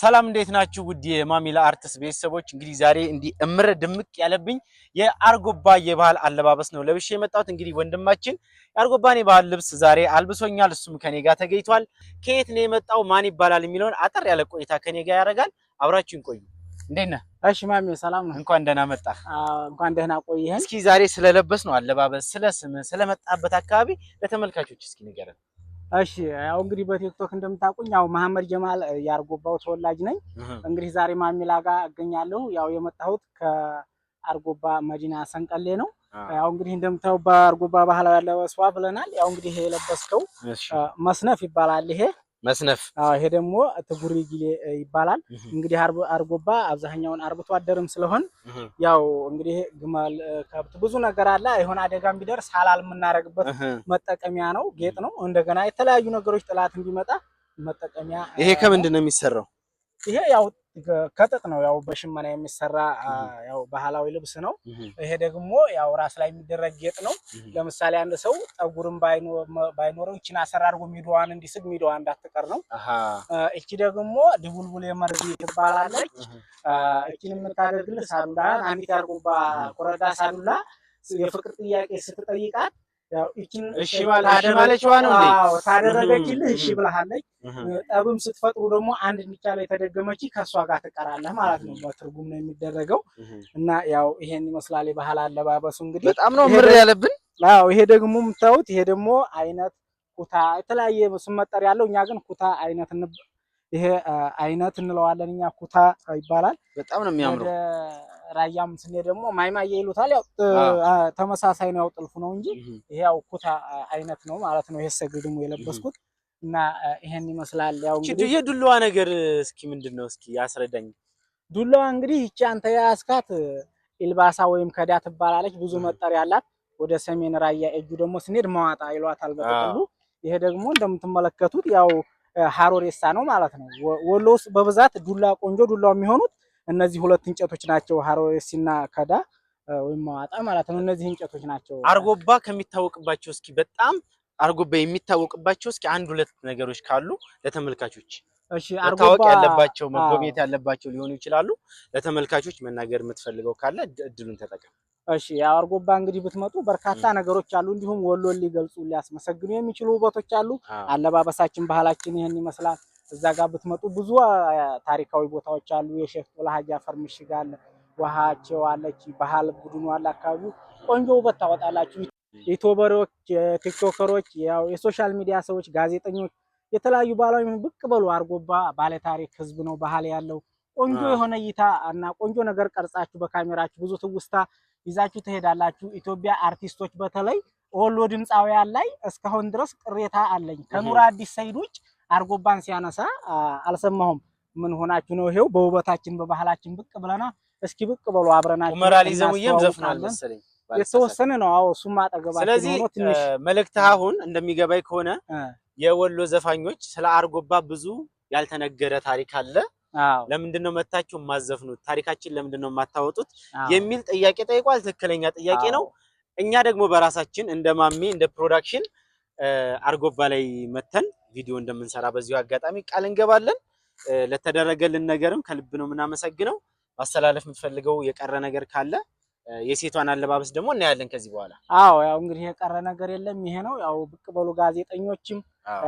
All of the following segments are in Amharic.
ሰላም እንዴት ናችሁ? ውድ የማሚላ አርትስ ቤተሰቦች፣ እንግዲህ ዛሬ እንዲህ እምር ድምቅ ያለብኝ የአርጎባ የባህል አለባበስ ነው ለብሼ የመጣሁት። እንግዲህ ወንድማችን የአርጎባን የባህል ልብስ ዛሬ አልብሶኛል። እሱም ከኔ ጋር ተገኝቷል። ከየት ነው የመጣው ማን ይባላል የሚለውን አጠር ያለ ቆይታ ከኔ ጋር ያደርጋል። አብራችሁን ቆዩ። እንዴት ነህ? እሺ ማሚ፣ ሰላም ነው? እንኳን ደህና መጣ። እንኳን ደህና ቆይህን። እስኪ ዛሬ ስለለበስ ነው አለባበስ፣ ስለ ስም፣ ስለመጣበት አካባቢ ለተመልካቾች እስኪ ንገረን። እሺ ያው እንግዲህ በቲክቶክ እንደምታውቁኝ ያው መሐመድ ጀማል የአርጎባው ተወላጅ ነኝ። እንግዲህ ዛሬ ማሚላ ጋር እገኛለሁ። ያው የመጣሁት ከአርጎባ መዲና ሰንቀሌ ነው። ያው እንግዲህ እንደምታው በአርጎባ ባህላዊ ያለበስዋ ብለናል። ያው እንግዲህ የለበስከው መስነፍ ይባላል ይሄ መስነፍ። ይሄ ደግሞ ትጉሪ ጊሌ ይባላል። እንግዲህ አርጎባ አብዛኛውን አርብቶ አደርም ስለሆን ያው እንግዲህ ግመል፣ ከብት ብዙ ነገር አለ። የሆነ አደጋ ቢደርስ ሀላል የምናደርግበት መጠቀሚያ ነው፣ ጌጥ ነው። እንደገና የተለያዩ ነገሮች ጥላት ቢመጣ መጠቀሚያ። ይሄ ከምንድን ነው የሚሰራው? ይሄ ያው ከጥጥ ነው ያው በሽመና የሚሰራ ያው ባህላዊ ልብስ ነው። ይሄ ደግሞ ያው ራስ ላይ የሚደረግ ጌጥ ነው። ለምሳሌ አንድ ሰው ጠጉርም ባይኖረው ይችን አሰራ አድርጎ ሚድዋን እንዲስብ ሚድዋ እንዳትቀር ነው። እቺ ደግሞ ድቡልቡል የመርዝ ትባላለች። እቺን የምታደርግልህ ሳዱላ ናሚት ያርጉባ ኮረዳ ሳዱላ የፍቅር ጥያቄ ስትጠይቃት እሺ ባለችዋ ነው ታደረገችልህ። እሺ ብለሃለች። ጠብም ስትፈጥሩ ደግሞ አንድ እንዲቻለው የተደገመች ከእሷ ጋር ትቀራለህ ማለት ነው። በትርጉም ነው የሚደረገው እና ያው ይሄን ይመስላል የባህል አለባበሱ። እንግዲህ በጣም ነው ምር ያለብን። አዎ ይሄ ደግሞ የምታዩት ይሄ ደግሞ አይነት ኩታ የተለያየ ስም መጠሪያ ያለው እኛ ግን ኩታ አይነት ይሄ አይነት እንለዋለን እኛ ኩታ ይባላል። በጣም ነው የሚያምረው። ራያም ስንሄድ ደግሞ ማይማዬ ይሉታል። ያው ተመሳሳይ ነው፣ ያው ጥልፉ ነው እንጂ ይሄ ያው ኩታ አይነት ነው ማለት ነው። ይሄ ሰግድሙ የለበስኩት እና ይሄን ይመስላል። ያው እንግዲህ ይሄ ዱላዋ ነገር እስኪ ምንድን ነው እስኪ ያስረዳኝ። ዱላዋ እንግዲህ ይቺ አንተ ያስካት ኢልባሳ ወይም ከዳ ትባላለች። ብዙ መጠሪያ አላት። ወደ ሰሜን ራያ እጁ ደግሞ ስንሄድ መዋጣ ይሏታል በጥቅሉ። ይሄ ደግሞ እንደምትመለከቱት ያው ሀሮሬሳ ነው ማለት ነው። ወሎ ውስጥ በብዛት ዱላ ቆንጆ ዱላ የሚሆኑት እነዚህ ሁለት እንጨቶች ናቸው። ሀሮሬሲና ከዳ ወይም መዋጣ ማለት ነው። እነዚህ እንጨቶች ናቸው። አርጎባ ከሚታወቅባቸው እስኪ በጣም አርጎባ የሚታወቅባቸው እስኪ አንድ ሁለት ነገሮች ካሉ ለተመልካቾች መታወቅ ያለባቸው መጎብኘት ያለባቸው ሊሆኑ ይችላሉ። ለተመልካቾች መናገር የምትፈልገው ካለ እድሉን ተጠቀም። እሺ አርጎባ እንግዲህ ብትመጡ በርካታ ነገሮች አሉ። እንዲሁም ወሎን ሊገልጹ ሊያስመሰግኑ የሚችሉ ውበቶች አሉ። አለባበሳችን፣ ባህላችን ይህን ይመስላል። እዛ ጋር ብትመጡ ብዙ ታሪካዊ ቦታዎች አሉ። የሼህ ጦላ ሀጂ አፈር ምሽግ አለ፣ ውሃቸው አለች፣ ባህል ቡድኑ አለ። አካባቢው ቆንጆ ውበት ታወጣላችሁ። የዩቲዩበሮች፣ የቲክቶከሮች፣ ያው የሶሻል ሚዲያ ሰዎች፣ ጋዜጠኞች የተለያዩ ባህላዊ ብቅ በሉ አርጎባ ባለታሪክ ህዝብ ነው። ባህል ያለው ቆንጆ የሆነ እይታ እና ቆንጆ ነገር ቀርጻችሁ በካሜራችሁ ብዙ ትውስታ ይዛችሁ ትሄዳላችሁ። ኢትዮጵያ አርቲስቶች በተለይ ወሎ ድምፃውያን ላይ እስካሁን ድረስ ቅሬታ አለኝ። ከኑራ አዲስ ሰይድ ውጭ አርጎባን ሲያነሳ አልሰማሁም። ምን ሆናችሁ ነው? ይሄው በውበታችን በባህላችን ብቅ ብለና እስኪ ብቅ በሉ አብረናችሁ መራሊዘውየም ዘፍናል መሰለኝ የተወሰነ ነው። አዎ እሱም አጠገባችን። ስለዚህ መልእክትህ አሁን እንደሚገባኝ ከሆነ የወሎ ዘፋኞች ስለ አርጎባ ብዙ ያልተነገረ ታሪክ አለ ለምንድን ነው መታችሁ የማዘፍኑት? ታሪካችን ለምንድን ነው የማታወጡት? የሚል ጥያቄ ጠይቋል። ትክክለኛ ጥያቄ ነው። እኛ ደግሞ በራሳችን እንደ ማሜ እንደ ፕሮዳክሽን አርጎባ ላይ መተን ቪዲዮ እንደምንሰራ በዚሁ አጋጣሚ ቃል እንገባለን። ለተደረገልን ነገርም ከልብ ነው የምናመሰግነው። ማስተላለፍ የምትፈልገው የቀረ ነገር ካለ የሴቷን አለባበስ ደግሞ እናያለን ከዚህ በኋላ። አዎ ያው እንግዲህ የቀረ ነገር የለም። ይሄ ነው ያው ብቅ በሉ ጋዜጠኞችም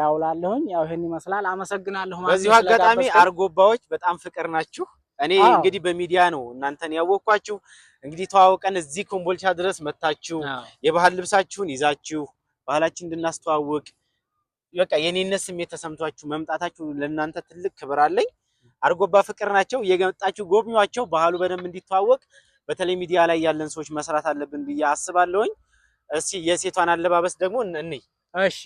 ያው ላለሁኝ ያው ይሄን ይመስላል። አመሰግናለሁ። በዚሁ አጋጣሚ አርጎባዎች በጣም ፍቅር ናችሁ። እኔ እንግዲህ በሚዲያ ነው እናንተን ያወቅኳችሁ። እንግዲህ ተዋውቀን እዚህ ኮምቦልቻ ድረስ መታችሁ የባህል ልብሳችሁን ይዛችሁ ባህላችን እንድናስተዋውቅ በቃ የኔነት ስሜት ተሰምቷችሁ መምጣታችሁ ለእናንተ ትልቅ ክብር አለኝ። አርጎባ ፍቅር ናቸው። እየመጣችሁ ጎብኟቸው፣ ባህሉ በደንብ እንዲተዋወቅ በተለይ ሚዲያ ላይ ያለን ሰዎች መስራት አለብን ብዬ አስባለሁኝ። እስቲ የሴቷን አለባበስ ደግሞ እንይ። እሺ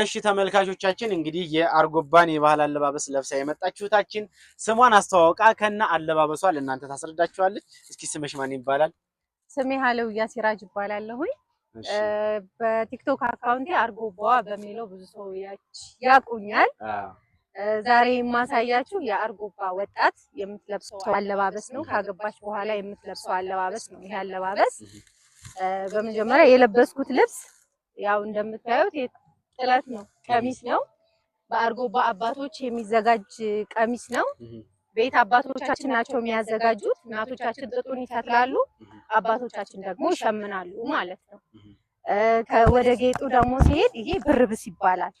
እሺ፣ ተመልካቾቻችን እንግዲህ የአርጎባን የባህል አለባበስ ለብሳ የመጣችሁታችን ስሟን አስተዋውቃ ከና አለባበሷ ለእናንተ ታስረዳችኋለች። እስኪ ስምሽ ማን ይባላል? ስሜ ሀለውያ ሲራጅ ይባላለሁኝ። በቲክቶክ አካውንቴ አርጎባ በሚለው ብዙ ሰው ያቁኛል። ዛሬ የማሳያችሁ የአርጎባ ወጣት የምትለብሰው አለባበስ ነው። ካገባች በኋላ የምትለብሰው አለባበስ ነው። ይሄ አለባበስ በመጀመሪያ የለበስኩት ልብስ ያው እንደምታዩት ጥለት ነው፣ ቀሚስ ነው። በአርጎባ አባቶች የሚዘጋጅ ቀሚስ ነው። ቤት አባቶቻችን ናቸው የሚያዘጋጁት። እናቶቻችን ጥጡን ይፈትላሉ፣ አባቶቻችን ደግሞ ይሸምናሉ ማለት ነው። ወደ ጌጡ ደግሞ ሲሄድ ይሄ ብርብስ ይባላል።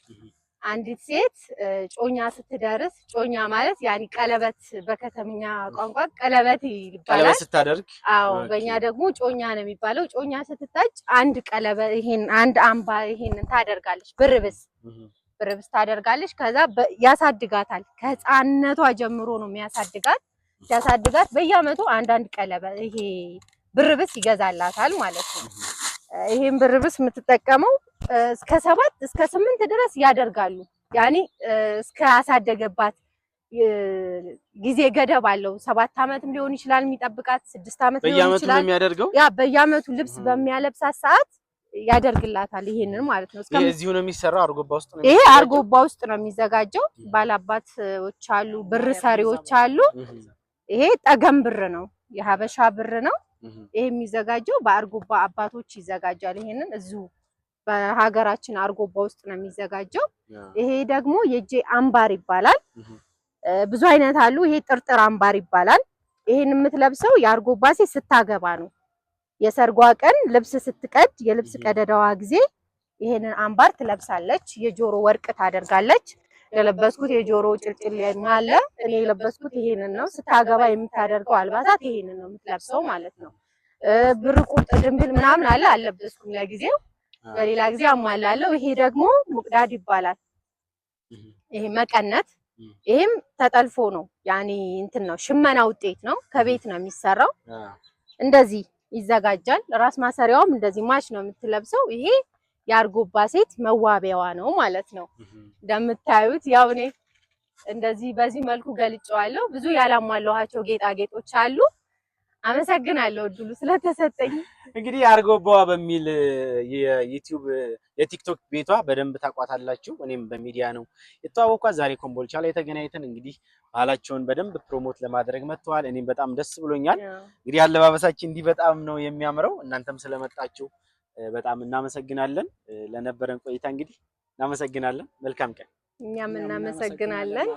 አንዲት ሴት ጮኛ ስትደርስ ጮኛ ማለት ያኔ ቀለበት በከተምኛ ቋንቋ ቀለበት ይባላል። ቀለበት ስታደርግ፣ አዎ በእኛ ደግሞ ጮኛ ነው የሚባለው። ጮኛ ስትታጭ አንድ ቀለበት ይሄን አንድ አምባ ይሄን ታደርጋለች። ብርብስ ብርብስ ታደርጋለች። ከዛ ያሳድጋታል። ከህፃነቷ ጀምሮ ነው የሚያሳድጋት። ሲያሳድጋት በየአመቱ አንዳንድ ቀለበት ይሄ ብርብስ ይገዛላታል ማለት ነው። ይሄን ብርብስ የምትጠቀመው እስከ ሰባት እስከ ስምንት ድረስ ያደርጋሉ። ያኔ እስከ አሳደገባት ጊዜ ገደብ አለው። ሰባት ዓመትም ሊሆን ይችላል የሚጠብቃት፣ ስድስት ዓመት ሊሆን ይችላል የሚያደርገው። ያ በየዓመቱ ልብስ በሚያለብሳት ሰዓት ያደርግላታል። ይሄንን ማለት ነው። እዚሁ ነው የሚሰራው። አርጎባ ውስጥ ነው ይሄ አርጎባ ውስጥ ነው የሚዘጋጀው። ባላባቶች አሉ፣ ብር ሰሪዎች አሉ። ይሄ ጠገም ብር ነው፣ የሀበሻ ብር ነው። ይሄ የሚዘጋጀው በአርጎባ አባቶች ይዘጋጃል። ይሄንን እዚሁ በሀገራችን አርጎባ ውስጥ ነው የሚዘጋጀው። ይሄ ደግሞ የእጄ አምባር ይባላል። ብዙ አይነት አሉ። ይሄ ጥርጥር አምባር ይባላል። ይሄን የምትለብሰው የአርጎባ ሴት ስታገባ ነው። የሰርጓ ቀን ልብስ ስትቀድ፣ የልብስ ቀደዳዋ ጊዜ ይሄንን አምባር ትለብሳለች። የጆሮ ወርቅ ታደርጋለች። የለበስኩት የጆሮ ጭልጭል አለ። እኔ የለበስኩት ይሄንን ነው። ስታገባ የምታደርገው አልባሳት ይሄንን ነው የምትለብሰው ማለት ነው። ብር ቁርጥ፣ ድንብል ምናምን አለ አልለበስኩም ለጊዜው በሌላ ጊዜ አሟላለሁ። ይሄ ደግሞ ሙቅዳድ ይባላል። ይሄ መቀነት፣ ይሄም ተጠልፎ ነው ያኒ እንትን ነው ሽመና ውጤት ነው። ከቤት ነው የሚሰራው። እንደዚህ ይዘጋጃል። ራስ ማሰሪያውም እንደዚህ ማች ነው የምትለብሰው። ይሄ የአርጎባ ሴት መዋቢያዋ ነው ማለት ነው። እንደምታዩት ያው እኔ እንደዚህ በዚህ መልኩ ገልጨዋለሁ። ብዙ ያላሟላኋቸው ጌጣጌጦች አሉ። አመሰግናለሁ እድሉ ስለተሰጠኝ። እንግዲህ አርጎባዋ በሚል የዩቲዩብ የቲክቶክ ቤቷ በደንብ ታቋታላችሁ። እኔም በሚዲያ ነው የተዋወቅኳት። ዛሬ ኮምቦልቻ ላይ ተገናኝተን እንግዲህ ባህላቸውን በደንብ ፕሮሞት ለማድረግ መጥተዋል። እኔም በጣም ደስ ብሎኛል። እንግዲህ አለባበሳችን እንዲህ በጣም ነው የሚያምረው። እናንተም ስለመጣችሁ በጣም እናመሰግናለን። ለነበረን ቆይታ እንግዲህ እናመሰግናለን። መልካም ቀን። እኛም እናመሰግናለን።